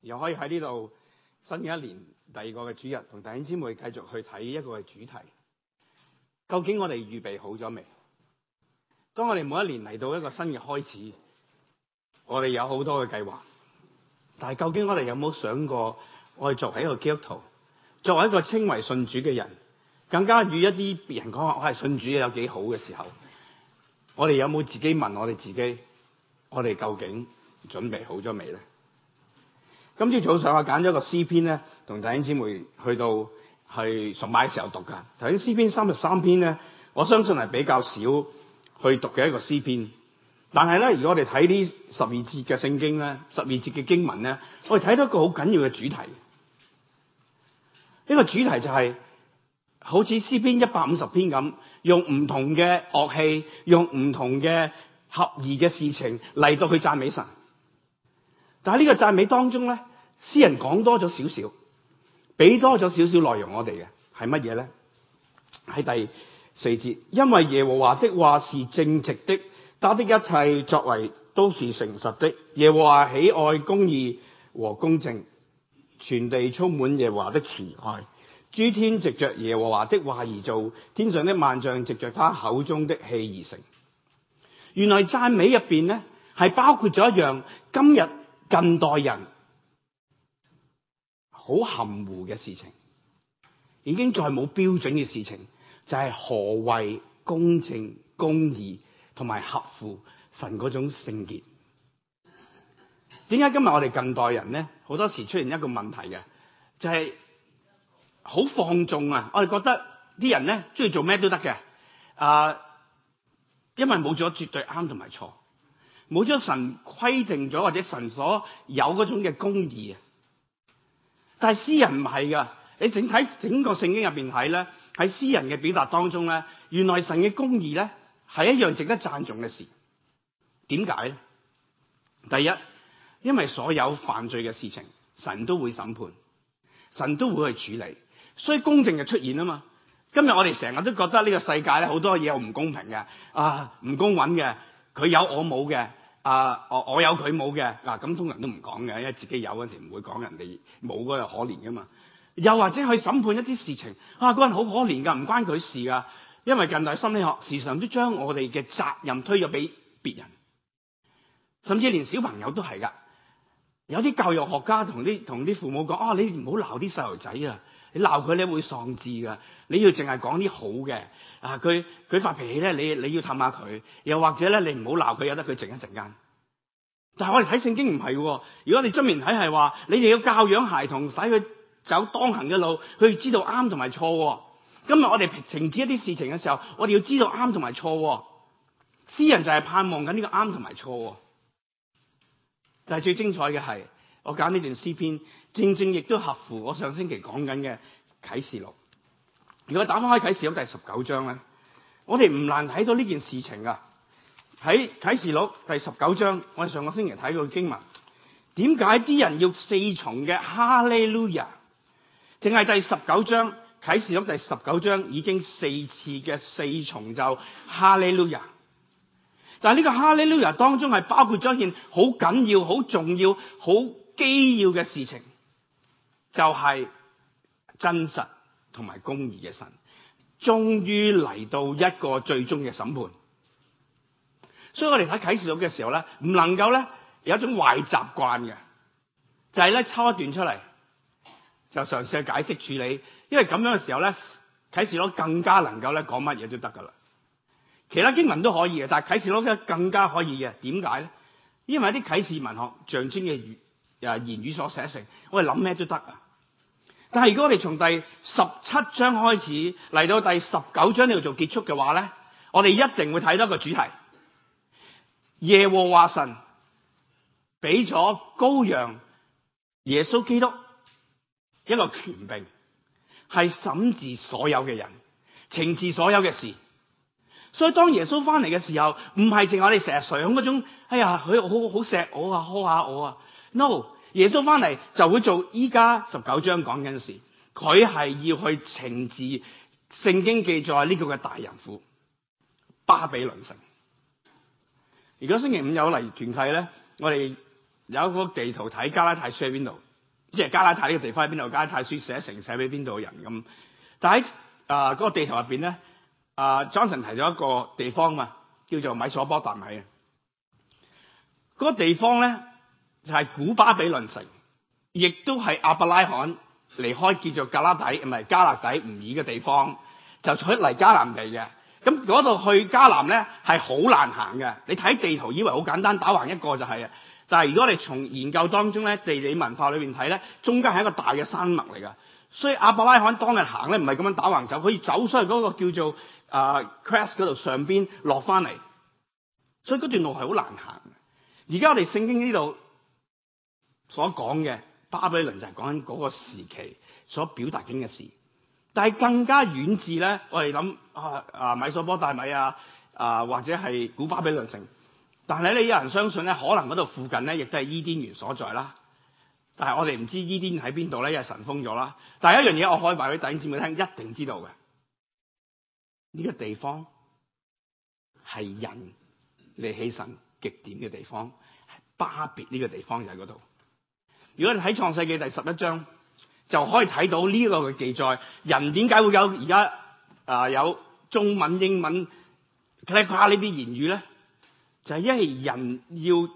又可以喺呢度新嘅一年第二個嘅主日，同弟兄姊妹繼續去睇一個嘅主題。究竟我哋預備好咗未？當我哋每一年嚟到一個新嘅開始，我哋有好多嘅計劃，但係究竟我哋有冇想過，我哋作為一個基督徒，作為一個稱為信主嘅人，更加與一啲別人講話我係信主有幾好嘅時候，我哋有冇自己問我哋自己，我哋究竟準備好咗未咧？今朝早上我揀咗個詩篇咧，同弟兄姊妹去到係崇拜嘅時候讀噶。頭先詩篇三十三篇咧，我相信係比較少去讀嘅一個詩篇。但係咧，如果我哋睇呢十二節嘅聖經咧，十二節嘅經文咧，我哋睇到一個好緊要嘅主題。呢個主題就係好似詩篇一百五十篇咁，用唔同嘅樂器，用唔同嘅合意嘅事情嚟到去讚美神。但係呢個讚美當中咧，詩人講多咗少少，俾多咗少少內容我哋嘅係乜嘢咧？係第四節，因為耶和華的話是正直的，他的一切作為都是誠實的。耶和華喜愛公義和公正，全地充滿耶和華的慈愛，諸天藉著耶和華的話而造，天上的萬象藉著他口中的氣而成。原來讚美入面呢，係包括咗一樣，今日。近代人好含糊嘅事情，已經再冇標準嘅事情，就係、是、何謂公正、公義同埋合乎神嗰種聖潔？點解今日我哋近代人咧，好多時出現一個問題嘅，就係、是、好放縱啊！我哋覺得啲人咧，中意做咩都得嘅，啊、呃，因為冇咗絕對啱同埋錯。冇咗神規定咗或者神所有嗰種嘅公義啊，但係詩人唔係噶，你整睇整個聖經入邊睇咧，喺詩人嘅表達當中咧，原來神嘅公義咧係一樣值得讚頌嘅事。點解咧？第一，因為所有犯罪嘅事情，神都會審判，神都會去處理，所以公正就出現啊嘛。今日我哋成日都覺得呢個世界咧好多嘢好唔公平嘅啊，唔公允嘅。佢有我冇嘅，啊，我我有佢冇嘅，嗱、啊、咁通常都唔講嘅，因為自己有陣時唔會講人哋冇嗰個可憐噶嘛。又或者去審判一啲事情，啊，嗰人好可憐噶，唔關佢事噶，因為近代心理學時常都將我哋嘅責任推咗俾別人，甚至連小朋友都係噶。有啲教育學家同啲同啲父母講，啊你唔好鬧啲細路仔啊！你鬧佢咧會喪志噶，你要淨係講啲好嘅。啊，佢佢發脾氣咧，你你要氹下佢，又或者咧，你唔好鬧佢，由得佢靜一陣間。但係我哋睇聖經唔係喎。如果你真面睇係話，你哋要教養孩童，使佢走當行嘅路，佢要知道啱同埋錯。今日我哋澄清一啲事情嘅時候，我哋要知道啱同埋錯。詩人就係盼望緊呢個啱同埋錯。但係最精彩嘅係我揀呢段詩篇，正正亦都合乎我上星期講緊嘅啟示錄。如果打開啟示錄第十九章咧，我哋唔難睇到呢件事情啊。喺啟示錄第十九章，我哋上個星期睇過經文，點解啲人要四重嘅哈利路亞？淨係第十九章，啟示錄第十九章已經四次嘅四重奏哈利路亞。但係呢個哈利路亞當中係包括咗一件好緊要、好重要、好基要嘅事情，就係真實同埋公義嘅神終於嚟到一個最終嘅審判。所以我哋睇啟示錄嘅時候咧，唔能夠咧有一種壞習慣嘅，就係咧抄一段出嚟就嘗試去解釋處理，因為咁樣嘅時候咧，啟示錄更加能夠咧講乜嘢都得噶啦。其他經文都可以嘅，但係啟示錄更加可以嘅。點解咧？因為啲啟示文學象徵嘅語誒言語所寫成，我哋諗咩都得啊。但係如果我哋從第十七章開始嚟到第十九章呢度做結束嘅話咧，我哋一定會睇到一個主題：耶和華神俾咗羔羊耶穌基督一個權柄，係審治所有嘅人、懲治所有嘅事。所以當耶穌翻嚟嘅時候，唔係淨係我哋成日想嗰種，哎呀，佢好好錫我啊，呵下我啊。No，耶穌翻嚟就會做依家十九章講緊事，佢係要去懲治聖經記載呢個嘅大淫婦巴比倫城。如果星期五有嚟團契咧，我哋有個地圖睇加拉太書喺邊度，即係加拉太呢個地方喺邊度，加拉太書，拉太書，拉太書寫成寫俾邊度人咁。但喺啊嗰個地圖入邊咧。啊、uh，Johnson 提咗一個地方嘛，叫做米索波達米啊。嗰、那個地方咧就係、是、古巴比倫城，亦都係亞伯拉罕離開叫做加拉底，唔係，加勒底吾珥嘅地方，就出嚟迦南地嘅。咁嗰度去迦南咧係好難行嘅。你睇地圖以為好簡單打橫一個就係、是、啊，但係如果你從研究當中咧地理文化裏面睇咧，中間係一個大嘅山脈嚟㗎。所以亞伯拉罕當日行咧，唔係咁樣打橫走，可以走出去嗰個叫做啊、呃、Crest 嗰度上邊落翻嚟。所以嗰段路係好難行。而家我哋聖經呢度所講嘅巴比倫就係講緊嗰個時期所表達緊嘅事。但係更加遠至咧，我哋諗啊啊米索波大米啊啊或者係古巴比倫城。但係你有人相信咧，可能嗰度附近咧亦都係伊甸園所在啦。但係我哋唔知呢啲喺邊度咧，因為神封咗啦。但係一樣嘢我可以話俾弟兄姊妹聽，一定知道嘅。呢個地方係人你起神極點嘅地方，巴別呢個地方就喺嗰度。如果你喺創世紀第十一章，就可以睇到呢個嘅記載。人點解會有而家啊有中文、英文、click 呢啲言語咧？就係因為人要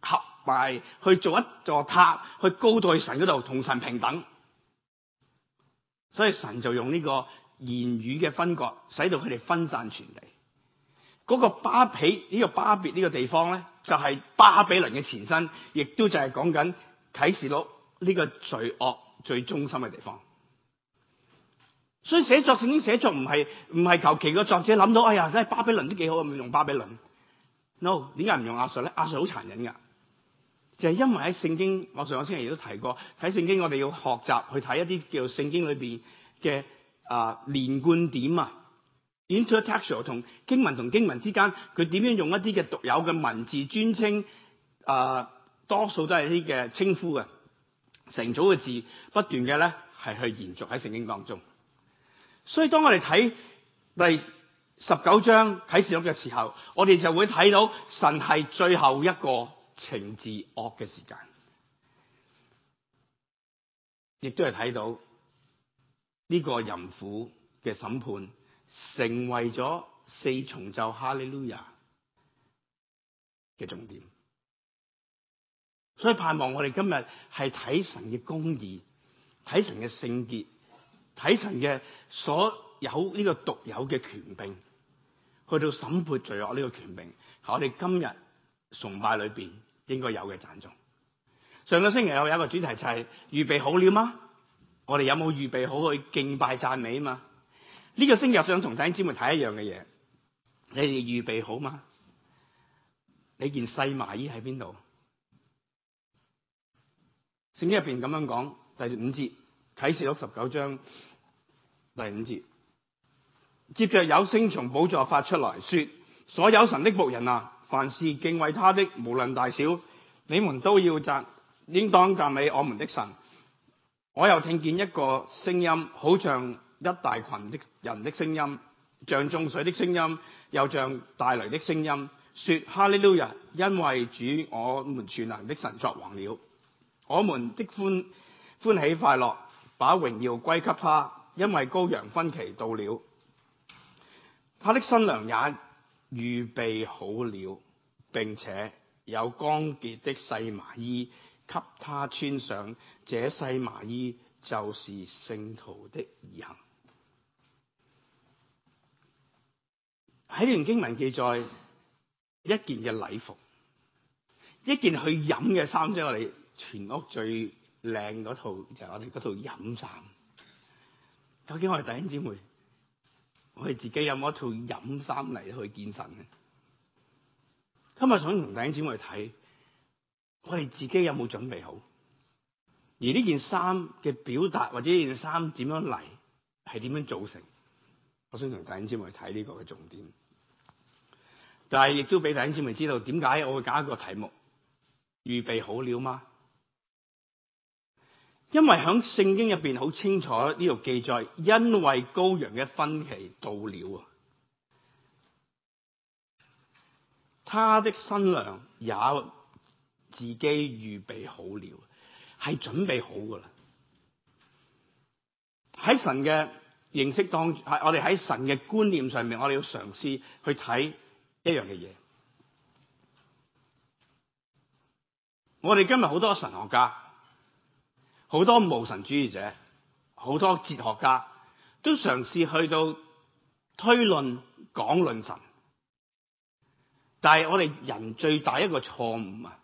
合。同埋去做一座塔，去高到神度，同神平等。所以神就用呢個言語嘅分割，使到佢哋分散全地。嗰個巴比呢、呢個巴別呢個地方咧，就係、是、巴比倫嘅前身，亦都就係講緊啟示錄呢個罪惡最中心嘅地方。所以寫作聖經寫作唔係唔係求其個作者諗到，哎呀，真係巴比倫都幾好，咪用巴比倫。no，點解唔用亞述咧？亞述好殘忍噶。就係因為喺聖經，我上個星期亦都提過睇聖經，我哋要學習去睇一啲叫做聖經裏邊嘅啊連貫點啊，intertextual 同經文同經文之間，佢點樣用一啲嘅獨有嘅文字專稱啊、呃，多數都係啲嘅稱呼嘅成組嘅字，不斷嘅咧係去延續喺聖經當中。所以當我哋睇第十九章啟示錄嘅時候，我哋就會睇到神係最後一個。情治惡嘅時間，亦都係睇到呢、這個淫婦嘅審判，成為咗四重奏哈利路亞嘅重點。所以盼望我哋今日係睇神嘅公義，睇神嘅聖潔，睇神嘅所有呢個獨有嘅權柄，去到審判罪惡呢個權柄。係我哋今日崇拜裏邊，應該有嘅讚頌。上個星期我有一個主題就係、是，預備好了嗎？我哋有冇預備好去敬拜讚美啊？嘛、這、呢個星期想同弟兄姊妹睇一樣嘅嘢，你哋預備好嗎？你件細麻衣喺邊度？聖經入邊咁樣講，第五節啟示錄十九章第五節，接着有聲從寶座發出來說：所有神的僕人啊！凡事敬畏他的，無論大小，你們都要讚，應當讚美我們的神。我又聽見一個聲音，好像一大群的人的聲音，像眾水的聲音，又像大雷的聲音，說：哈利路亞！因為主我們全能的神作王了。我們的歡歡喜快樂，把榮耀歸給他，因為羔羊婚期到了，他的新娘也預備好了，並且有光潔的細麻衣給他穿上。這細麻衣就是聖徒的義行。喺呢段經文記載，一件嘅禮服，一件去飲嘅衫，即係我哋全屋最靚嗰套，就係我哋嗰套飲衫。究竟我哋弟兄姊妹？我哋自己有冇一套飲衫，嚟去健身嘅？今日想同弟兄姊妹睇，我哋自己有冇準備好？而呢件衫嘅表達或者呢件衫點樣嚟，係點樣組成？我想同弟兄姊妹睇呢個嘅重點。但係亦都俾弟兄姊妹知道點解我會搞一個題目，預備好了嗎？因為響聖經入邊好清楚呢度記載，因為羔羊嘅婚期到了啊，他的新娘也自己預備好了，係準備好噶啦。喺神嘅認識當，我哋喺神嘅觀念上面，我哋要嘗試去睇一樣嘅嘢。我哋今日好多神學家。好多無神主義者，好多哲學家都嘗試去到推論講論神，但係我哋人最大一個錯誤啊！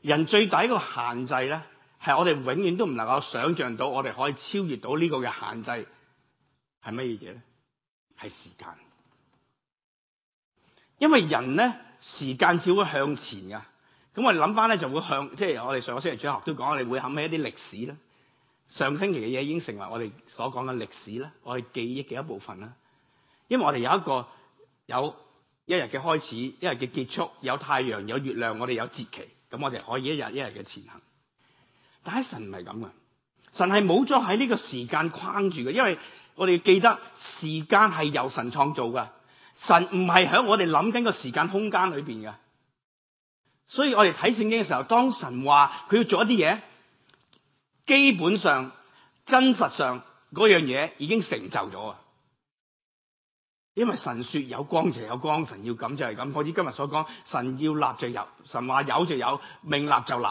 人最大一個限制咧，係我哋永遠都唔能夠想像到，我哋可以超越到呢個嘅限制係乜嘢嘢咧？係時間，因為人咧時間只會向前㗎。咁我哋諗翻咧，就會向即係、就是、我哋上個星期主學都講，我哋會諗起一啲歷史啦。上星期嘅嘢已經成為我哋所講嘅歷史啦，我哋記憶嘅一部分啦。因為我哋有一個有一日嘅開始，一日嘅結束，有太陽，有月亮，我哋有節期，咁我哋可以一日一日嘅前行。但係神唔係咁噶，神係冇咗喺呢個時間框住嘅，因為我哋要記得時間係由神創造噶，神唔係喺我哋諗緊個時間空間裏面㗎。所以我哋睇聖經嘅時候，當神話佢要做一啲嘢，基本上真實上嗰樣嘢已經成就咗啊！因為神說有光就有光，神要咁就係咁。好似今日所講，神要立就有，神話有就有，命立就立。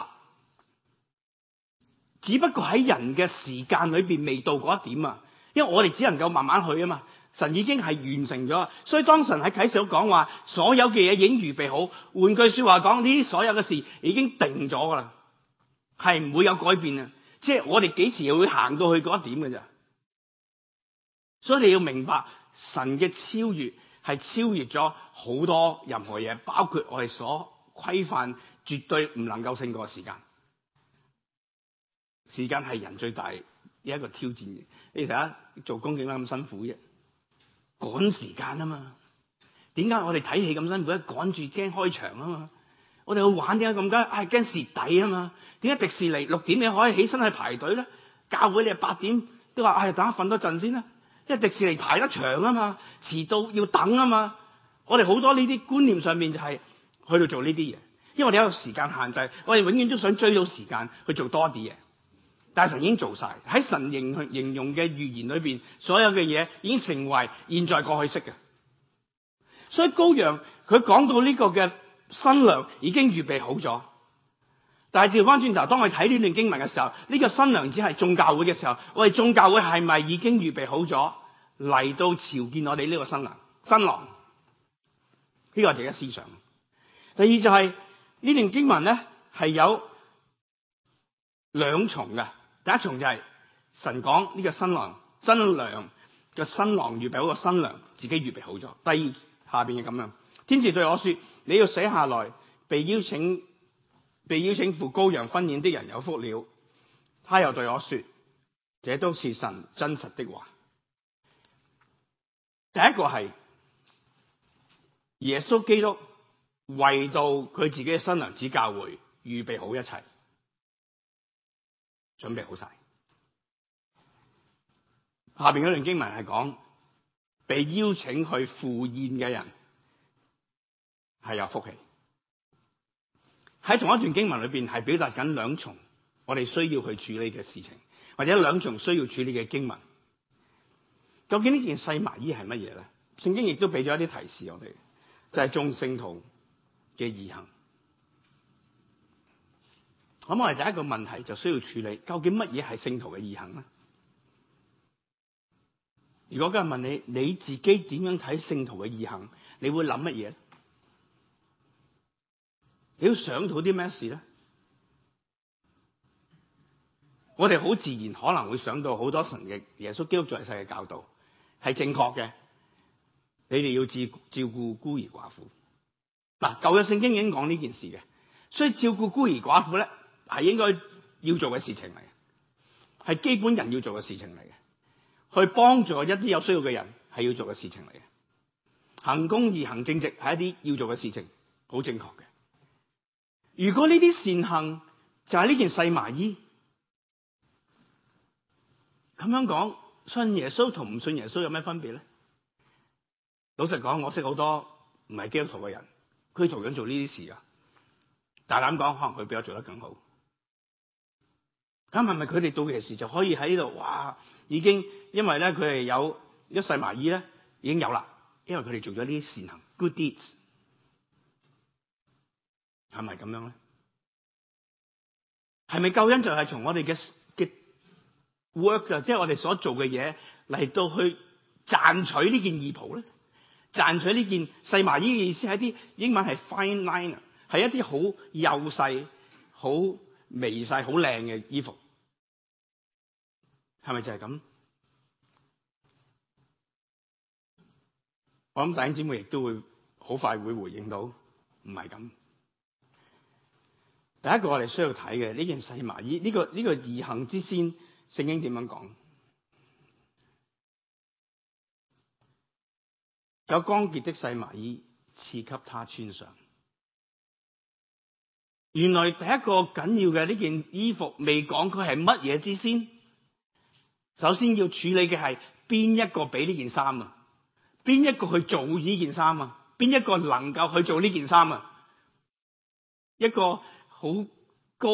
只不過喺人嘅時間裏邊未到嗰一點啊，因為我哋只能夠慢慢去啊嘛。神已經係完成咗，所以當神喺啟示度講話，所有嘅嘢已經預備好。換句說話講，呢啲所有嘅事已經定咗噶啦，係唔會有改變啊！即係我哋幾時會行到去嗰一點嘅咋？所以你要明白，神嘅超越係超越咗好多任何嘢，包括我哋所規範絕對唔能夠勝過的時間。時間係人最大嘅一個挑戰嘅。你睇下做工點解咁辛苦嘅？趕時間啊嘛？點解我哋睇戲咁辛苦？趕住驚開場啊嘛？我哋去玩點解咁驚，唉驚蝕底啊嘛？點解迪士尼六點你可以起身去排隊咧？教會你係八點都話係，啊、等下瞓多陣先啦。因為迪士尼排得長啊嘛，遲到要等啊嘛。我哋好多呢啲觀念上面就係去到做呢啲嘢，因為我哋有時間限制，我哋永遠都想追到時間去做多啲嘢。但神已經做晒，喺神形容形容嘅預言裏面，所有嘅嘢已經成為現在過去式嘅。所以高陽佢講到呢個嘅新娘已經預備好咗，但係調翻轉頭，當我睇呢段經文嘅時候，呢個新娘只係眾教會嘅時候，我哋眾教會係咪已經預備好咗嚟到朝見我哋呢個新娘新郎？呢個就係一思想。第二就係呢段經文咧，係有兩重嘅。第一重就係神講呢個新郎、新娘嘅新郎預備好個新娘，自己預備好咗。第二下邊嘅咁樣，天使對我說，你要寫下來，被邀請被邀請赴羔羊婚宴的人有福了。他又對我說，這都是神真實的話。第一個係耶穌基督為到佢自己嘅新娘子教會預備好一切。準備好晒。下邊段經文係講，被邀請去赴宴嘅人係有福氣。喺同一段經文裏邊係表達緊兩重，我哋需要去處理嘅事情，或者兩重需要處理嘅經文。究竟呢件細麻衣係乜嘢咧？聖經亦都俾咗一啲提示我哋，就係、是、眾聖徒嘅義行。咁我哋第一個問題就需要處理，究竟乜嘢係聖徒嘅義行咧？如果今日問你，你自己點樣睇聖徒嘅義行？你會諗乜嘢？你要想到啲咩事咧？我哋好自然可能會想到好多神嘅耶穌基督在世嘅教導係正確嘅。你哋要照顧孤兒寡婦。嗱，舊約聖經已經講呢件事嘅，所以照顧孤兒寡婦咧。係應該要做嘅事情嚟嘅，係基本人要做嘅事情嚟嘅。去幫助一啲有需要嘅人係要做嘅事情嚟嘅。行公義行正直，係一啲要做嘅事情，好正確嘅。如果呢啲善行就係呢件細麻衣，咁樣，講信耶穌同唔信耶穌有咩分別咧？老實講，我識好多唔係基督徒嘅人，佢同樣做呢啲事啊。大膽講，可能佢比我做得更好。咁係咪佢哋到期時就可以喺呢度？哇！已經因為咧，佢哋有細麻衣咧，已經有啦。因為佢哋做咗呢啲善行，good deeds，係咪咁樣咧？係咪救恩就係從我哋嘅嘅 work 就即係我哋所做嘅嘢嚟到去賺取呢件衣袍咧？賺取呢件細麻衣嘅意思係啲英文係 fine linen，係一啲好幼細、好微細、好靚嘅衣服。係咪就係咁？我諗弟兄姊妹亦都會好快會回應到，唔係咁。第一個我哋需要睇嘅呢件細麻衣，呢、這個呢、這個異行之先，聖經點樣講？有光潔的細麻衣賜給他穿上。原來第一個緊要嘅呢件衣服，未講佢係乜嘢之先。首先要處理嘅係邊一個俾呢件衫啊？邊一個去做呢件衫啊？邊一個能夠去做呢件衫啊？一個好高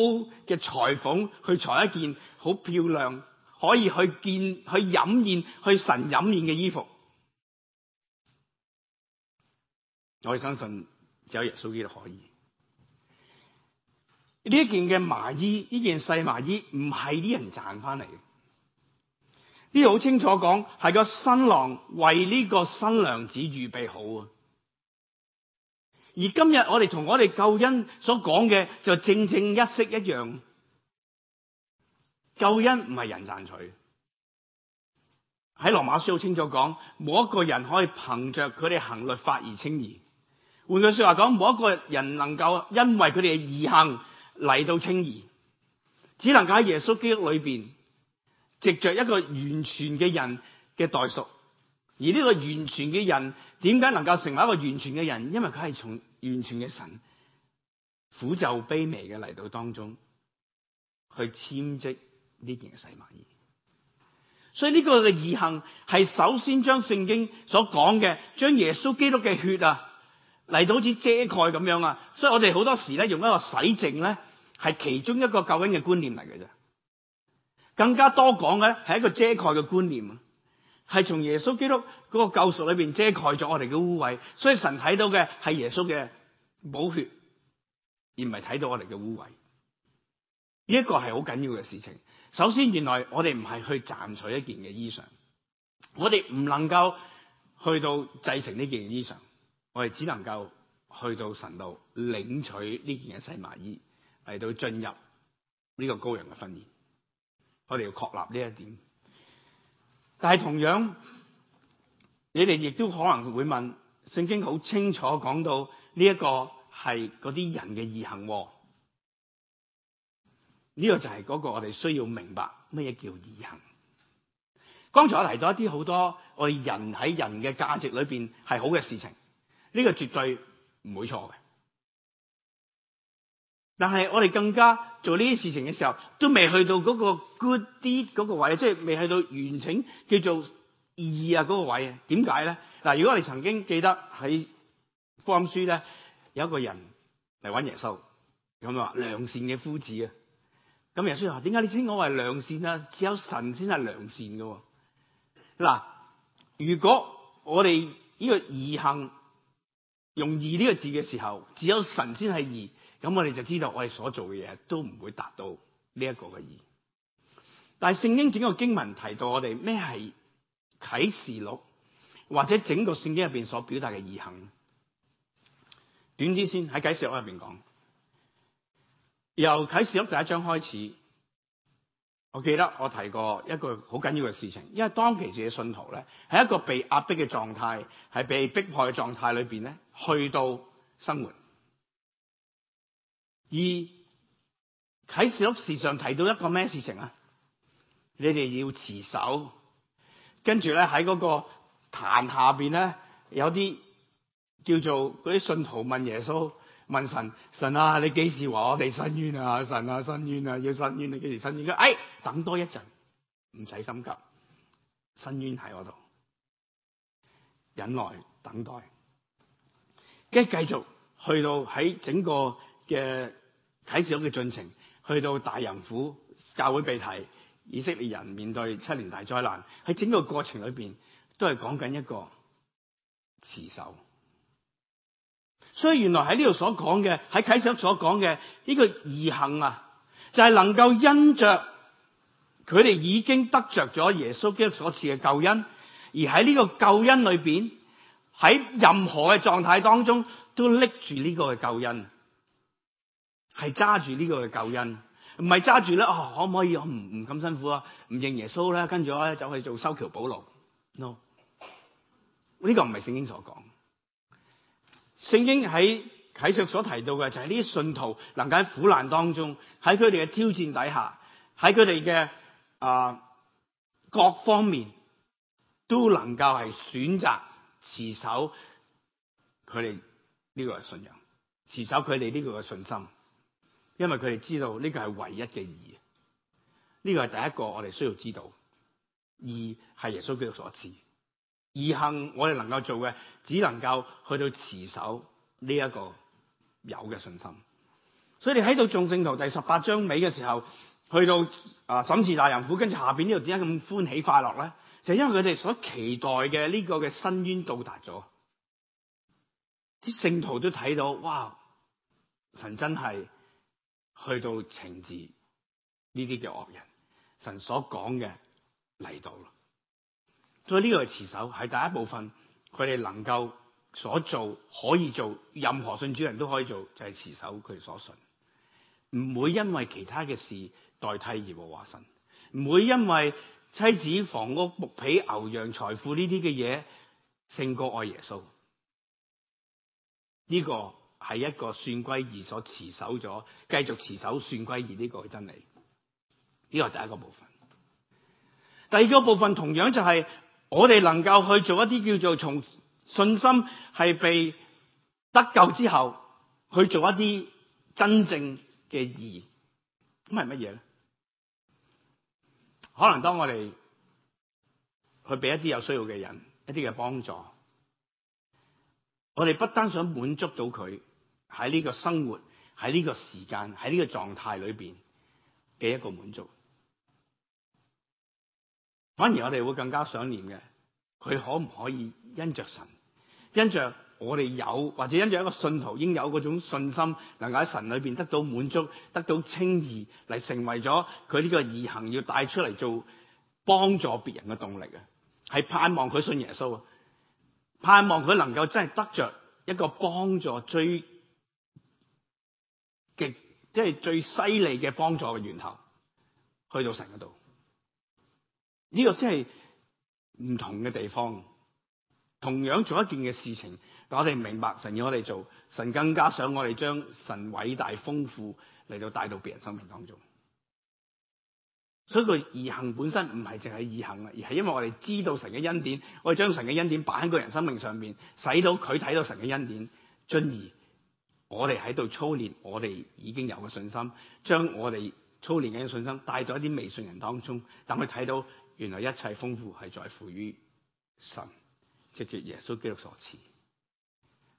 嘅裁縫去裁一件好漂亮，可以去見、去飲宴、去神飲宴嘅衣服，我哋相信只有耶穌基督可以。呢件嘅麻衣，呢件細麻衣，唔係啲人賺翻嚟嘅。呢度好清楚講，係個新郎為呢個新娘子預備好啊！而今日我哋同我哋救恩所講嘅就正正一式一樣，救恩唔係人賺取。喺羅馬書好清楚講，冇一個人可以憑着佢哋行律法而稱義。換句說話講，冇一個人能夠因為佢哋嘅義行嚟到稱義，只能夠喺耶穌基督裏邊。藉着一個完全嘅人嘅代贖，而呢個完全嘅人點解能夠成為一個完全嘅人？因為佢係從完全嘅神苦就卑微嘅嚟到當中去簽織呢件細麻衣。所以呢個嘅義行係首先將聖經所講嘅，將耶穌基督嘅血啊嚟到好似遮蓋咁樣啊。所以我哋好多時咧用一個洗淨咧係其中一個救恩嘅觀念嚟嘅啫。.更加多講咧，係一個遮蓋嘅觀念，啊，係從耶穌基督嗰個救贖裏邊遮蓋咗我哋嘅污穢，所以神睇到嘅係耶穌嘅寶血，而唔係睇到我哋嘅污穢。呢一個係好緊要嘅事情。首先，原來我哋唔係去賺取一件嘅衣裳，我哋唔能夠去到製成呢件衣裳，我哋只能夠去到神度領取呢件嘅細麻衣嚟到進入呢個羔羊嘅婚宴。我哋要確立呢一點，但係同樣，你哋亦都可能會問：聖經好清楚講到呢一個係嗰啲人嘅義行。呢個就係嗰個我哋需要明白乜嘢叫義行。剛才我提到一啲好多我哋人喺人嘅價值裏邊係好嘅事情，呢個絕對唔會錯嘅。但係我哋更加做呢啲事情嘅時候，都未去到嗰個 good deed 嗰個位，即係未去到完成叫做義啊嗰個位啊？點解咧？嗱，如果我哋曾經記得喺福音書咧，有一個人嚟揾耶穌，咁啊良善嘅夫子啊，咁耶穌話：點解你先講我為良善啊？只有神先係良善噶。嗱，如果我哋呢個義行用義呢個字嘅時候，只有神先係義。咁我哋就知道我哋所做嘅嘢都唔會達到呢一個嘅意。但係聖經整個經文提到我哋咩係啟示錄，或者整個聖經入邊所表達嘅意向短啲先喺啟示錄入邊講，由啟示錄第一章開始，我記得我提過一個好緊要嘅事情，因為當其時嘅信徒咧係一個被壓迫嘅狀態，係被迫害嘅狀，狀態裏邊咧，去到生活。二喺《啟示錄》上提到一個咩事情啊？你哋要持守，跟住咧喺嗰個壇下邊咧有啲叫做嗰啲信徒問耶穌問神神啊，你幾時話我哋申冤啊？神啊申冤啊，要申冤，冤啊？你幾時申冤？哎，等多一陣，唔使心急，申冤喺我度，忍耐等待。跟住繼續去到喺整個嘅。啟示錄嘅進程，去到大淫婦教會被提，以色列人面對七年大災難，喺整個過程裏邊都係講緊一個持守。所以原來喺呢度所講嘅，喺啟示錄所講嘅呢個儀行啊，就係、是、能夠因着佢哋已經得着咗耶穌基督所賜嘅救恩，而喺呢個救恩裏邊，喺任何嘅狀態當中都拎住呢個嘅救恩。係揸住呢個嘅救恩，唔係揸住咧，可唔可以唔唔咁辛苦啊？唔認耶穌咧，跟住咧走去做修橋補路？no，呢個唔係聖經所講。聖經喺啟示所提到嘅就係呢啲信徒能夠喺苦難當中，喺佢哋嘅挑戰底下，喺佢哋嘅啊各方面都能夠係選擇持守佢哋呢個信仰，持守佢哋呢個嘅信心。因為佢哋知道呢個係唯一嘅義，呢個係第一個我哋需要知道。義係耶穌基督所賜，義幸我哋能夠做嘅，只能夠去到持守呢一個有嘅信心。所以你喺到眾聖徒第十八章尾嘅時候，去到啊審判大淫婦，跟住下面這邊呢度點解咁歡喜快樂咧？就是、因為佢哋所期待嘅呢個嘅深淵到達咗，啲聖徒都睇到，哇！神真係～去到懲治呢啲嘅惡人，神所講嘅嚟到咯。所以呢個係持守，係第一部分，佢哋能夠所做可以做，任何信主人都可以做，就係、是、持守佢所信，唔會因為其他嘅事代替耶和華神，唔會因為妻子、房屋、木皮、牛羊、財富呢啲嘅嘢勝過愛耶穌呢、這個。係一個算歸義所持守咗，繼續持守算歸義呢個真理。呢個第一個部分。第二個部分同樣就係我哋能夠去做一啲叫做從信心係被得救之後去做一啲真正嘅義，咁係乜嘢咧？可能當我哋去俾一啲有需要嘅人一啲嘅幫助，我哋不單想滿足到佢。喺呢個生活、喺呢個時間、喺呢個狀態裏邊嘅一個滿足，反而我哋會更加想念嘅，佢可唔可以因着神，因着我哋有，或者因着一個信徒應有嗰種信心，能夠喺神裏邊得到滿足，得到稱義，嚟成為咗佢呢個義行要帶出嚟做幫助別人嘅動力啊！係盼望佢信耶穌，盼望佢能夠真係得着一個幫助最。即係最犀利嘅幫助嘅源頭，去到神嗰度，呢個先係唔同嘅地方。同樣做一件嘅事情，但我哋明白神要我哋做，神更加想我哋將神偉大豐富嚟到帶到別人生命當中。所以，個義行本身唔係淨係義行，而係因為我哋知道神嘅恩典，我哋將神嘅恩典擺喺個人生命上面，使到佢睇到神嘅恩典，進而。我哋喺度操練，我哋已經有嘅信心，將我哋操練嘅信心帶到一啲未信人當中，等佢睇到原來一切豐富係在乎於神，即叫耶穌基督所賜。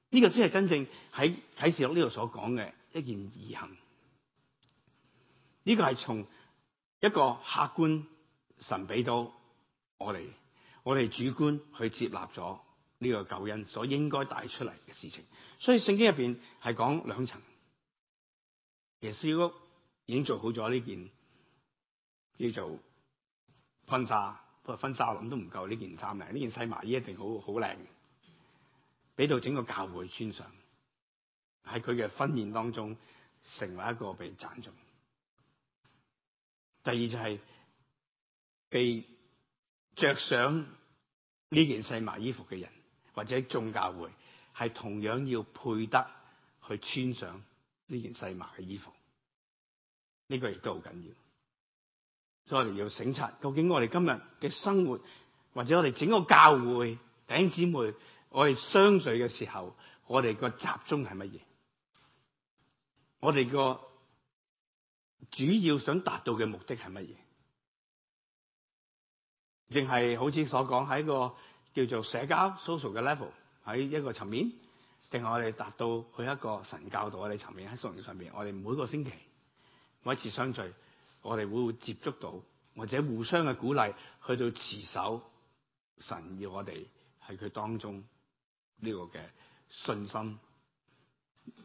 呢、這個先係真正喺喺《啟示錄》呢度所講嘅一件義行。呢、這個係從一個客觀神俾到我哋，我哋主觀去接納咗。呢個救恩所應該帶出嚟嘅事情，所以聖經入邊係講兩層。耶穌屋已經做好咗呢件叫做婚紗，婚紗都不過婚紗我諗都唔夠呢件衫嘅，呢件細麻衣一定好好靚，俾到整個教會穿上，喺佢嘅婚宴當中成為一個被贊助。第二就係、是、被着上呢件細麻衣服嘅人。或者眾教會係同樣要配得去穿上呢件細麻嘅衣服，呢、這個亦都好緊要。所以我哋要省察，究竟我哋今日嘅生活，或者我哋整個教會弟兄姊妹，我哋相聚嘅時候，我哋個集中係乜嘢？我哋個主要想達到嘅目的係乜嘢？淨係好似所講喺個。叫做社交 social 嘅 level 喺一個層面，定係我哋達到去一個神教導我哋層面喺信仰上邊，我哋每個星期，每一次相聚，我哋會接觸到，或者互相嘅鼓勵去到持守神要我哋喺佢當中呢個嘅信心，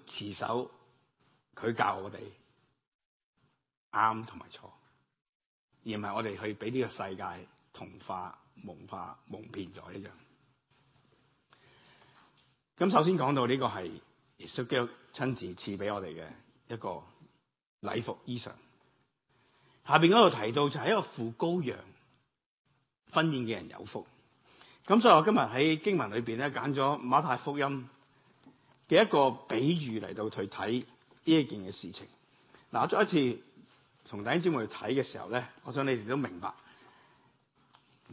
持守佢教我哋啱同埋錯，而唔係我哋去俾呢個世界同化，蒙化蒙騙咗一樣。咁首先講到呢個係耶穌基督親自賜俾我哋嘅一個禮服衣裳。下邊嗰度提到就係一個赴羔羊婚宴嘅人有福。咁所以我今日喺經文裏邊咧揀咗馬太福音嘅一個比喻嚟到去睇呢一件嘅事情。嗱，再一次從第一節目去睇嘅時候咧，我想你哋都明白。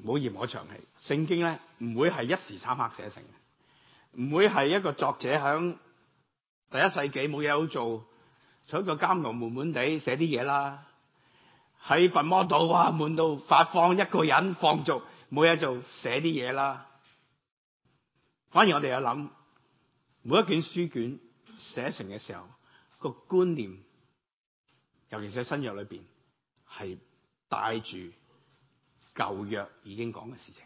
唔好嫌我長氣，聖經咧唔會係一時三刻寫成，唔會係一個作者響第一世紀冇嘢好做，坐喺個監牢悶悶地寫啲嘢啦，喺拔摩島啊，悶到發放一個人放逐冇嘢做寫啲嘢啦。反而我哋有諗，每一卷書卷寫成嘅時候，個觀念，尤其是喺新約裏邊，係帶住。舊約已經講嘅事情，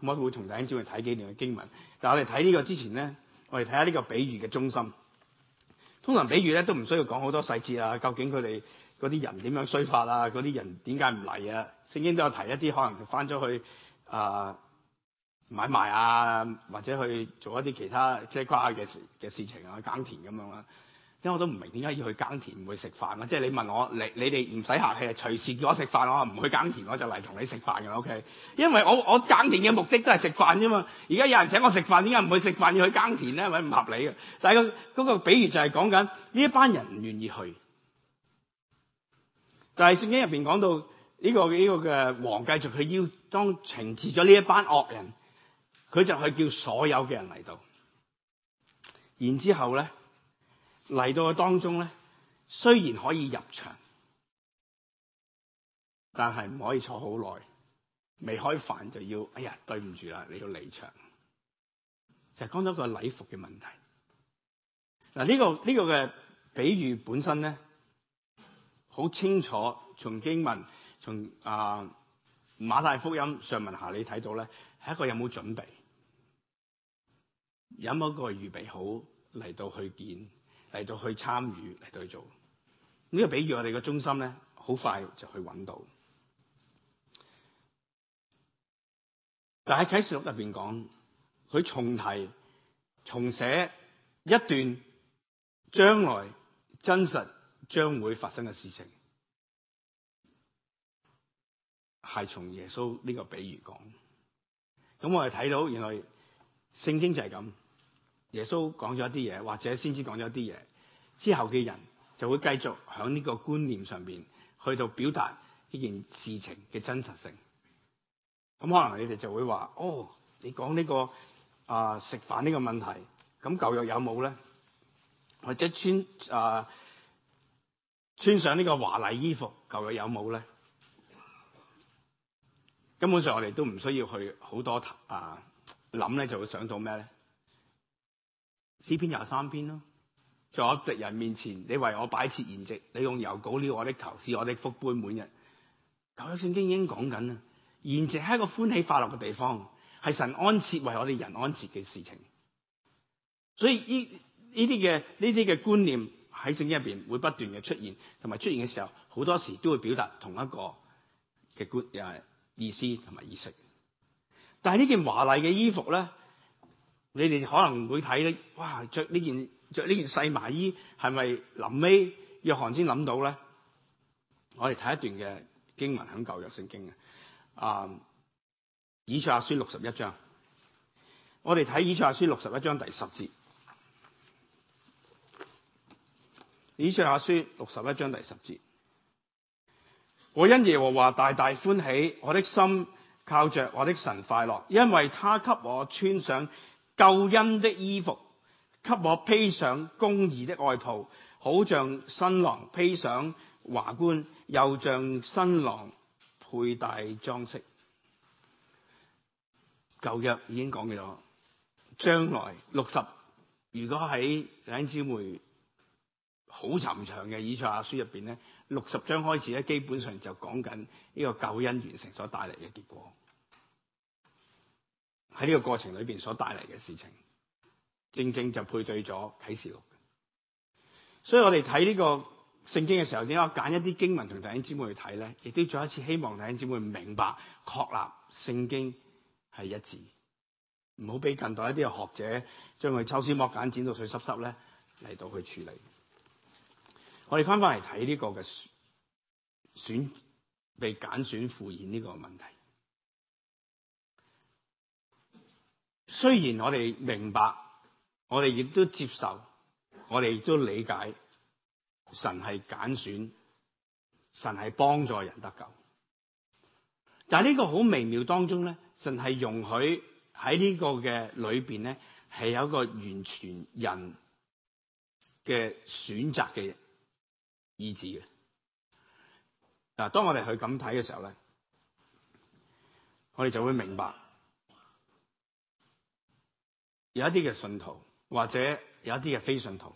咁我會同大家只去睇幾段嘅經文。但係我哋睇呢個之前咧，我哋睇下呢個比喻嘅中心。通常比喻咧都唔需要講好多細節啊。究竟佢哋嗰啲人點樣衰法啊？嗰啲人點解唔嚟啊？聖經都有提一啲可能翻咗去啊、呃、買賣啊，或者去做一啲其他啫跨嘅事嘅事情啊，耕田咁樣啦。因為我都唔明點解要去耕田唔會食飯咯，即係你問我，你你哋唔使客氣，隨時叫我食飯，我話唔去耕田，我就嚟同你食飯嘅啦，OK？因為我我耕田嘅目的都係食飯啫嘛。而家有人請我食飯，點解唔去食飯要去耕田咧？係咪唔合理嘅？但係嗰個比喻就係講緊呢一班人唔願意去。但係聖經入面講到呢、這個呢、這個嘅王繼續佢要當懲治咗呢一班惡人，佢就去叫所有嘅人嚟到，然之後咧。嚟到嘅當中咧，雖然可以入場，但係唔可以坐好耐。未開飯就要，哎呀，對唔住啦，你要離場。就係講咗個禮服嘅問題。嗱、呢個，呢、呢個呢嘅比喻本身咧，好清楚，從經文，從啊、呃、馬太福音上文下你睇到咧，你睇到咧，係一個有冇準備，有冇個預備好嚟到去見。嚟到去參與嚟到去做，呢、這個比喻我哋嘅中心咧，好快就去揾到。但喺啟示錄入邊講，佢重提、重寫一段將來真實將會發生嘅事情，係從耶穌呢個比喻講。咁我哋睇到原來聖經就係咁。耶穌講咗一啲嘢，或者先知講咗一啲嘢之後，嘅人就會繼續喺呢個觀念上邊去到表達呢件事情嘅真實性。咁可能你哋就會話：哦，你講呢、這個啊、呃、食飯呢個問題，咁舊約有冇咧？或者穿啊、呃、穿上呢個華麗衣服，舊約有冇咧？根本上我哋都唔需要去好多啊諗咧，就會想到咩咧？四篇廿三篇咯，在我敵人面前，你為我擺設筵席，你用油稿了我的頭，使我的福杯滿日。舊約聖經已經講緊啦，筵席係一個歡喜快樂嘅地方，係神安設為我哋人安設嘅事情。所以依呢啲嘅呢啲嘅觀念喺聖經入邊會不斷嘅出現，同埋出現嘅時候，好多時都會表達同一個嘅觀誒意思同埋意識。但係呢件華麗嘅衣服咧？你哋可能會睇呢哇！著呢件著呢件細麻衣，係咪臨尾約翰先諗到咧？我哋睇一段嘅經文響舊約聖經嘅，《啊以賽亞書》六十一章。我哋睇《以賽亞書》六十一章第十節，《以賽亞書》六十一章第十節。我因耶和華大大歡喜，我的心靠着我的神快樂，因為他給我穿上。救恩的衣服，給我披上公義的外袍，好像新郎披上華冠，又像新郎佩戴裝飾。舊約已經講咗，將來六十，如果喺兩姊妹好尋常嘅《以賽亞書》入邊咧，六十章開始咧，基本上就講緊呢個救恩完成所帶嚟嘅結果。喺呢個過程裏邊所帶嚟嘅事情，正正就配對咗啟示錄。所以我哋睇呢個聖經嘅時候，點解揀一啲經文同弟兄姊妹去睇咧，亦都再一次希望弟兄姊妹明白確立聖經係一致，唔好俾近代一啲嘅學者將佢抽絲剝繭、剪到水濕濕咧嚟到去處理。我哋翻翻嚟睇呢個嘅選被揀選、赴宴呢個問題。雖然我哋明白，我哋亦都接受，我哋亦都理解神係揀選，神係幫助人得救。但係呢個好微妙當中咧，神係容許喺呢個嘅裏邊咧，係有一個完全人嘅選擇嘅意志嘅。嗱，當我哋去咁睇嘅時候咧，我哋就會明白。有一啲嘅信徒，或者有一啲嘅非信徒，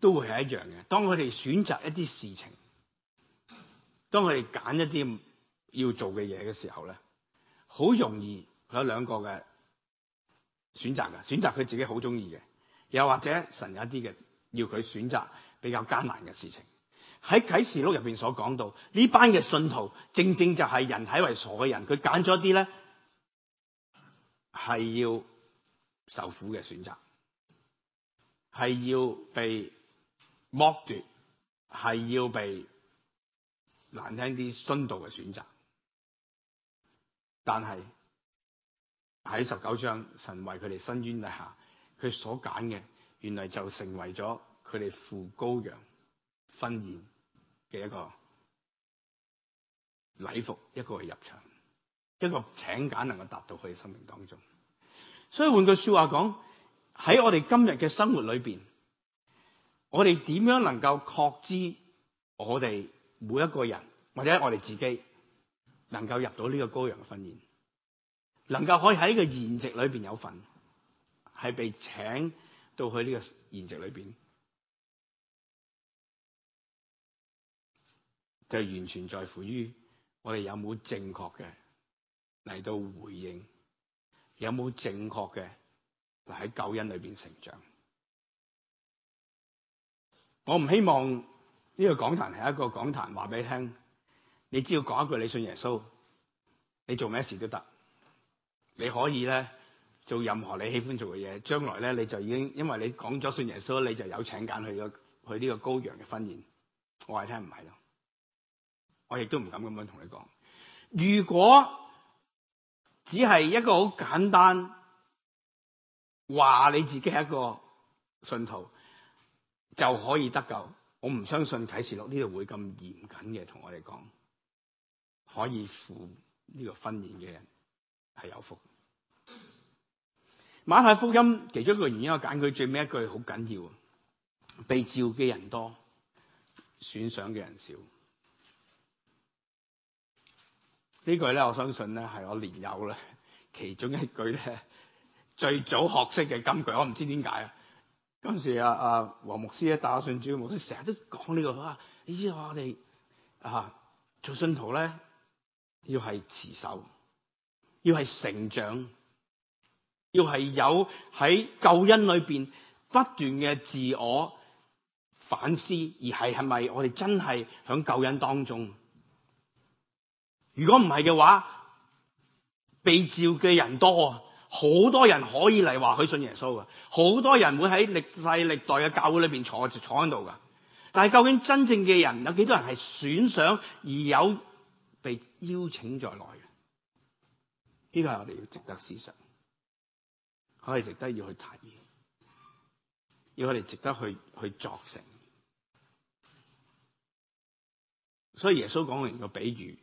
都會係一樣嘅。當佢哋選擇一啲事情，當佢哋揀一啲要做嘅嘢嘅時候咧，好容易有兩個嘅選擇嘅，選擇佢自己好中意嘅，又或者神有一啲嘅要佢選擇比較艱難嘅事情。喺啟示錄入邊所講到，呢班嘅信徒正正就係人體為傻嘅人，佢揀咗啲咧係要。受苦嘅選擇係要被剝奪，係要被難聽啲殉道嘅選擇。但係喺十九章，神為佢哋伸冤底下，佢所揀嘅，原來就成為咗佢哋赴羔羊婚宴嘅一個禮服，一個係入場，一個請柬，能夠達到佢哋生命當中。所以換句話說話講，喺我哋今日嘅生活裏邊，我哋點樣能夠確知我哋每一個人或者我哋自己能夠入到呢個羔羊嘅婚筵，能夠可以喺呢個筵席裏邊有份，係被請到去呢個筵席裏邊，就完全在乎於我哋有冇正確嘅嚟到回應。有冇正確嘅就喺救恩裏邊成長？我唔希望呢個講壇係一個講壇，話俾你聽，你只要講一句你信耶穌，你做咩事都得，你可以咧做任何你喜歡做嘅嘢，將來咧你就已經因為你講咗信耶穌，你就有請柬去，去個去呢個羔羊嘅婚宴。我係聽唔係咯，我亦都唔敢咁樣同你講。如果只係一個好簡單，話你自己係一個信徒就可以得救。我唔相信啟示錄呢度會咁嚴謹嘅同我哋講，可以赴呢個婚宴嘅人係有福。馬太福音其中一個原因，因我揀佢最尾一句好緊要，被召嘅人多，選上嘅人少。這句呢句咧，我相信咧係我年幼咧其中一句咧最早學識嘅金句，我唔知點解啊！當時啊阿黃牧師咧打信主，牧師成日都講呢個，啊你知我哋啊做信徒咧要係持守，要係成長，要係有喺救恩裏邊不斷嘅自我反思，而係係咪我哋真係響救恩當中？如果唔係嘅話，被召嘅人多啊，好多人可以嚟話佢信耶穌嘅，好多人會喺歷世歷代嘅教會裏邊坐坐喺度噶。但係究竟真正嘅人有幾多人係選上而有被邀請在內嘅？呢個係我哋要值得思想，係值得要去談嘅，要我哋值得去值得去，去作成。所以耶穌講完個比喻。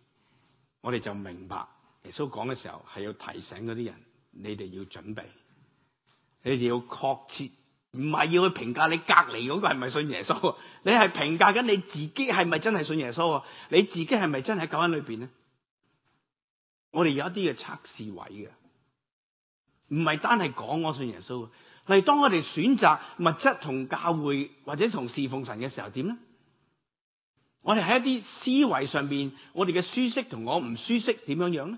我哋就明白耶穌講嘅時候係要提醒嗰啲人，你哋要準備，你哋要確切，唔係要去評價你隔籬嗰個係咪信耶穌，你係評價緊你自己係咪真係信耶穌，你自己係咪真係喺救恩裏邊咧？我哋有一啲嘅測試位嘅，唔係單係講我信耶穌，係當我哋選擇物質同教會或者同侍奉神嘅時候點咧？我哋喺一啲思維上邊，我哋嘅舒適同我唔舒適點樣樣咧？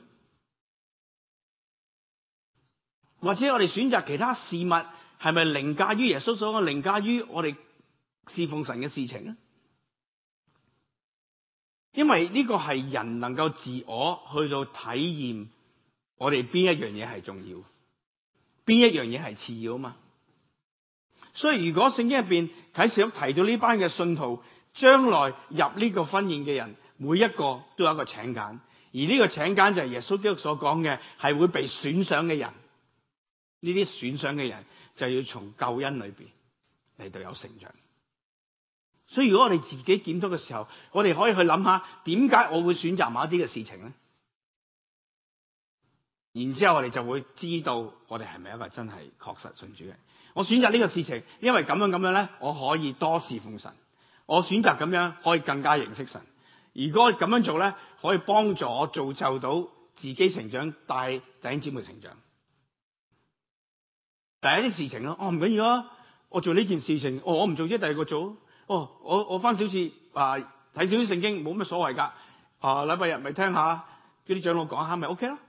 或者我哋選擇其他事物係咪凌駕於耶穌所講、凌駕於我哋侍奉神嘅事情咧？因為呢個係人能夠自我去到體驗我哋邊一樣嘢係重要，邊一樣嘢係次要啊嘛。所以如果聖經入邊啟示提到呢班嘅信徒。將來入呢個婚宴嘅人，每一個都有一個請柬，而呢個請柬就係耶穌基督所講嘅，係會被選上嘅人。呢啲選上嘅人就要從救恩裏邊嚟到有成長。所以如果我哋自己檢討嘅時候，我哋可以去諗下點解我會選擇某一啲嘅事情咧？然之後我哋就會知道我哋係咪一個真係確實信主嘅。我選擇呢個事情，因為咁樣咁樣咧，我可以多事奉神。我選擇咁樣可以更加認識神。如果咁樣做咧，可以幫助我造就到自己成長，帶弟兄姊妹成長。第一啲事情咯，哦唔緊要啊，我做呢件事情，哦我唔做啫，第二個做。哦，我我翻少次啊，睇少啲聖經冇乜所謂㗎。啊、呃，禮拜日咪聽下叫啲長老講下咪 OK 咯、啊。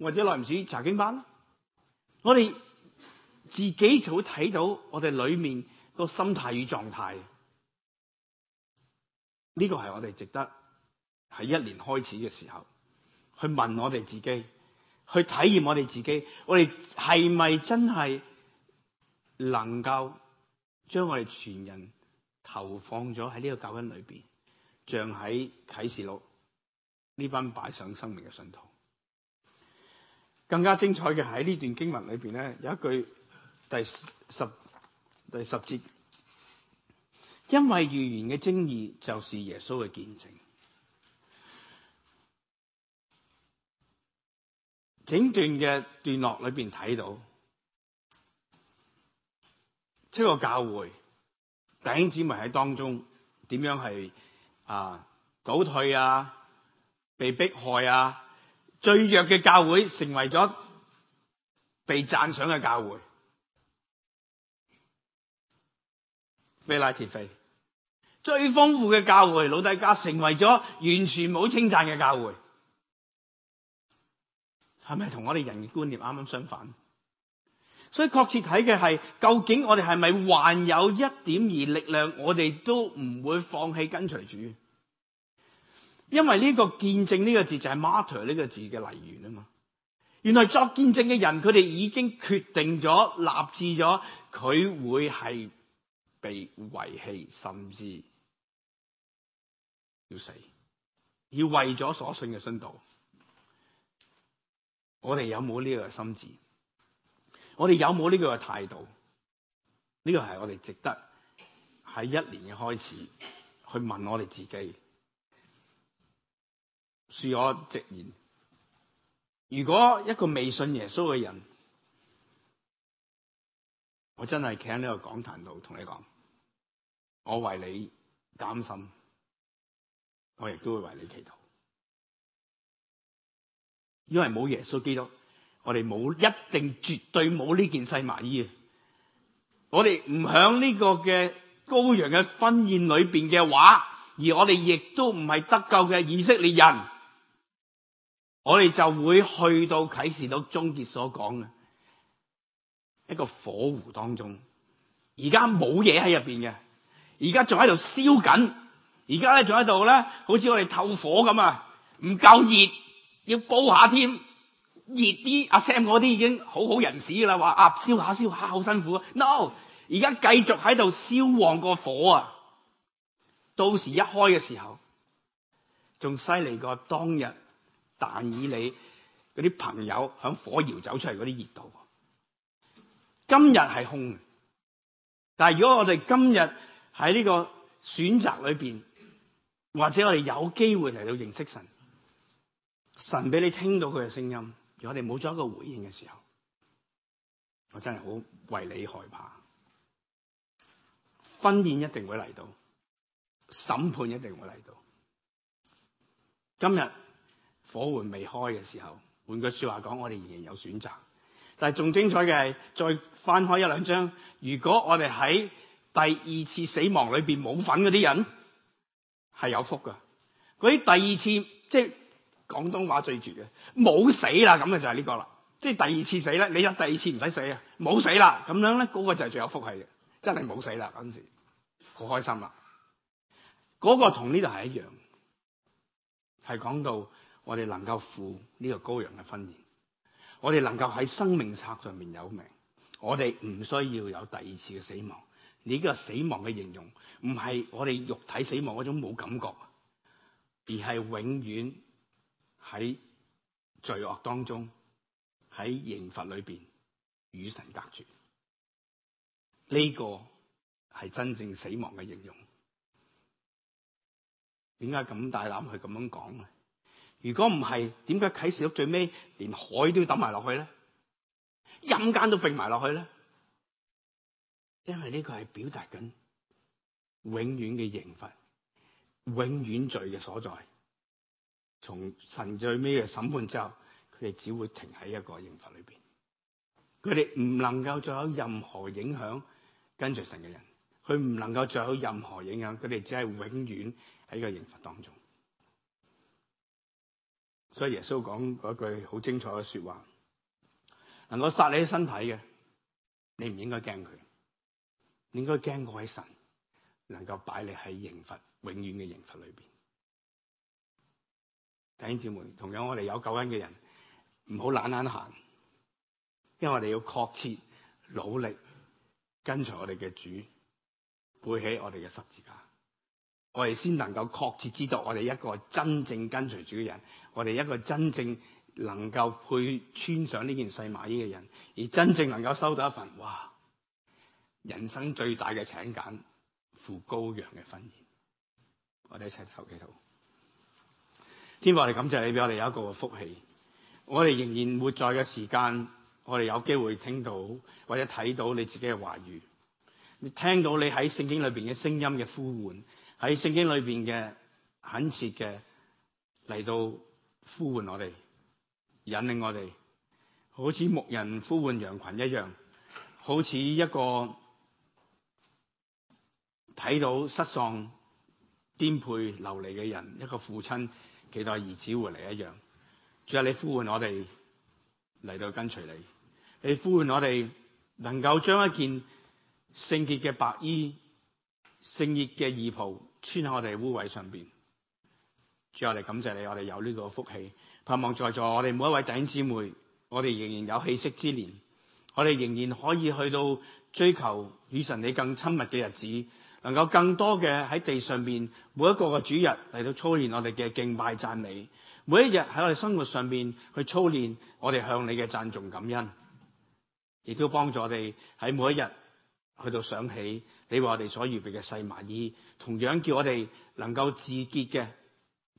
或者耐唔時查經班、啊。我哋自己就會睇到我哋裏面個心態與狀態。呢個係我哋值得喺一年開始嘅時候去問我哋自己，去體驗我哋自己，我哋係咪真係能夠將我哋全人投放咗喺呢個救恩裏邊，像喺啟示錄呢班擺上生命嘅信徒。更加精彩嘅係喺呢段經文裏邊咧，有一句第十第十節。因為預言嘅爭議，就是耶穌嘅見證。整段嘅段落裏邊睇到，七個教會弟兄姊妹喺當中點樣係啊倒退啊，被迫害啊，最弱嘅教會成為咗被讚賞嘅教會。非拉鐵非，最豐富嘅教會，老底嘉成為咗完全冇稱讚嘅教會，係咪同我哋人嘅觀念啱啱相反？所以確切睇嘅係，究竟我哋係咪還有一點而力量，我哋都唔會放棄跟隨主？因為呢個見證呢個字就係 martyr 呢個字嘅來源啊嘛。原來作見證嘅人，佢哋已經決定咗、立志咗，佢會係。被遺棄，甚至要死，要為咗所信嘅信道，我哋有冇呢個心志？我哋有冇呢個態度？呢個係我哋值得喺一年嘅開始去問我哋自己。恕我直言，如果一個未信耶穌嘅人，我真係企喺呢個講壇度同你講，我為你擔心，我亦都會為你祈禱，因為冇耶穌基督，我哋冇一定絕對冇呢件細麻衣，我哋唔響呢個嘅羔羊嘅婚宴裏邊嘅話，而我哋亦都唔係得救嘅以色列人，我哋就會去到啟示錄終結所講嘅。一個火湖當中，而家冇嘢喺入邊嘅，而家仲喺度燒緊，而家咧仲喺度咧，好似我哋透火咁啊！唔夠熱，要煲下添，熱啲。阿 Sam 嗰啲已經好好人士㗎啦，話啊燒下燒下好辛苦。No，而家繼續喺度燒旺個火啊！到時一開嘅時候，仲犀利過當日但以理嗰啲朋友喺火窯走出嚟嗰啲熱度。今日係空嘅，但係如果我哋今日喺呢個選擇裏邊，或者我哋有機會嚟到認識神，神俾你聽到佢嘅聲音，如果我哋冇咗一個回應嘅時候，我真係好為你害怕。婚宴一定會嚟到，審判一定會嚟到。今日火爐未開嘅時候，換句說話講，我哋仍然有選擇。但係仲精彩嘅係，再翻開一兩張。如果我哋喺第二次死亡裏面冇份嗰啲人係有福噶。嗰啲第二次即係廣東話最絕嘅，冇死啦咁啊，就係呢個啦。即係第二次死咧，你有第二次唔使死啊，冇死啦咁樣咧，嗰、那個就係最有福氣嘅，真係冇死啦嗰陣時，好開心啦。嗰、那個同呢度係一樣，係講到我哋能夠赴呢個羔羊嘅婚宴。我哋能夠喺生命冊上面有名，我哋唔需要有第二次嘅死亡。呢個死亡嘅形容，唔係我哋肉體死亡嗰種冇感覺，而係永遠喺罪惡當中，喺刑罰裏邊與神隔絕。呢個係真正死亡嘅形容。點解咁大膽去咁樣講咧？如果唔係，點解啟示錄最尾連海都抌埋落去咧？陰間都揈埋落去咧？因為呢個係表達緊永遠嘅刑罰，永遠罪嘅所在。從神最尾嘅審判之後，佢哋只會停喺一個刑罰裏邊。佢哋唔能夠再有任何影響跟住神嘅人，佢唔能夠再有任何影響，佢哋只係永遠喺個刑罰當中。所以耶穌講嗰句好精彩嘅說話，能夠殺你的身體嘅，你唔應該驚佢，你應該驚位神能夠擺你喺刑罰永遠嘅刑罰裏邊，弟兄姊妹，同樣我哋有救恩嘅人，唔好懶懶行，因為我哋要確切努力跟隨我哋嘅主，背起我哋嘅十字架。我哋先能夠確切知道，我哋一個真正跟隨主嘅人，我哋一個真正能夠配穿上呢件細麻衣嘅人，而真正能夠收到一份哇，人生最大嘅請柬，赴羔羊嘅婚宴。我哋一齊求祈禱。天父，我哋感謝你俾我哋有一個福氣。我哋仍然活在嘅時間，我哋有機會聽到或者睇到你自己嘅話語，你聽到你喺聖經裏邊嘅聲音嘅呼喚。喺聖經裏邊嘅懇切嘅嚟到呼喚我哋，引領我哋，好似牧人呼喚羊群一樣，好似一個睇到失喪、顛沛流離嘅人，一個父親期待兒子回嚟一樣。主啊，你呼喚我哋嚟到跟隨你，你呼喚我哋能夠將一件聖潔嘅白衣、聖潔嘅衣袍。穿喺我哋污穢上邊，主，我哋感謝你，我哋有呢個福氣，盼望在座我哋每一位弟兄姊妹，我哋仍然有氣息之年，我哋仍然可以去到追求與神你更親密嘅日子，能夠更多嘅喺地上面每一個嘅主日嚟到操練我哋嘅敬拜讚美，每一日喺我哋生活上面去操練我哋向你嘅讚頌感恩，亦都幫助我哋喺每一日。去到想起你話我哋所預備嘅細麻衣，同樣叫我哋能夠自潔嘅、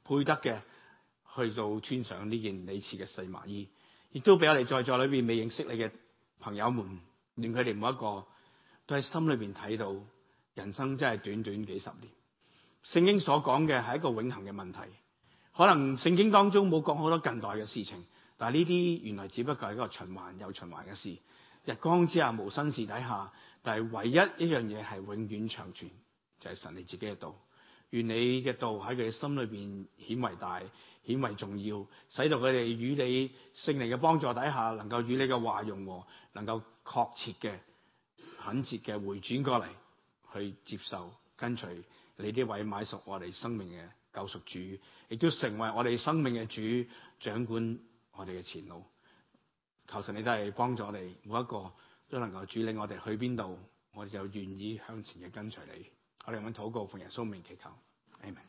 配得嘅，去到穿上呢件你賜嘅細麻衣，亦都俾我哋在座裏邊未認識你嘅朋友們，令佢哋每一個都喺心裏面睇到人生真係短短幾十年。聖經所講嘅係一個永恆嘅問題，可能聖經當中冇講好多近代嘅事情，但係呢啲原來只不過係一個循環又循環嘅事。日光之下無新事底下。但係唯一一樣嘢係永遠長存，就係、是、神你自己嘅道。願你嘅道喺佢哋心裏邊顯為大，顯為重要，使到佢哋與你聖靈嘅幫助底下，能夠與你嘅話用和，能夠確切嘅、懇切嘅回轉過嚟，去接受、跟隨你呢位買贖我哋生命嘅救贖主，亦都成為我哋生命嘅主，掌管我哋嘅前路。求神你都係幫助我哋每一個。都能夠主領我哋去邊度，我哋就願意向前嘅跟隨你。我哋咁禱告奉耶穌名祈求，阿門。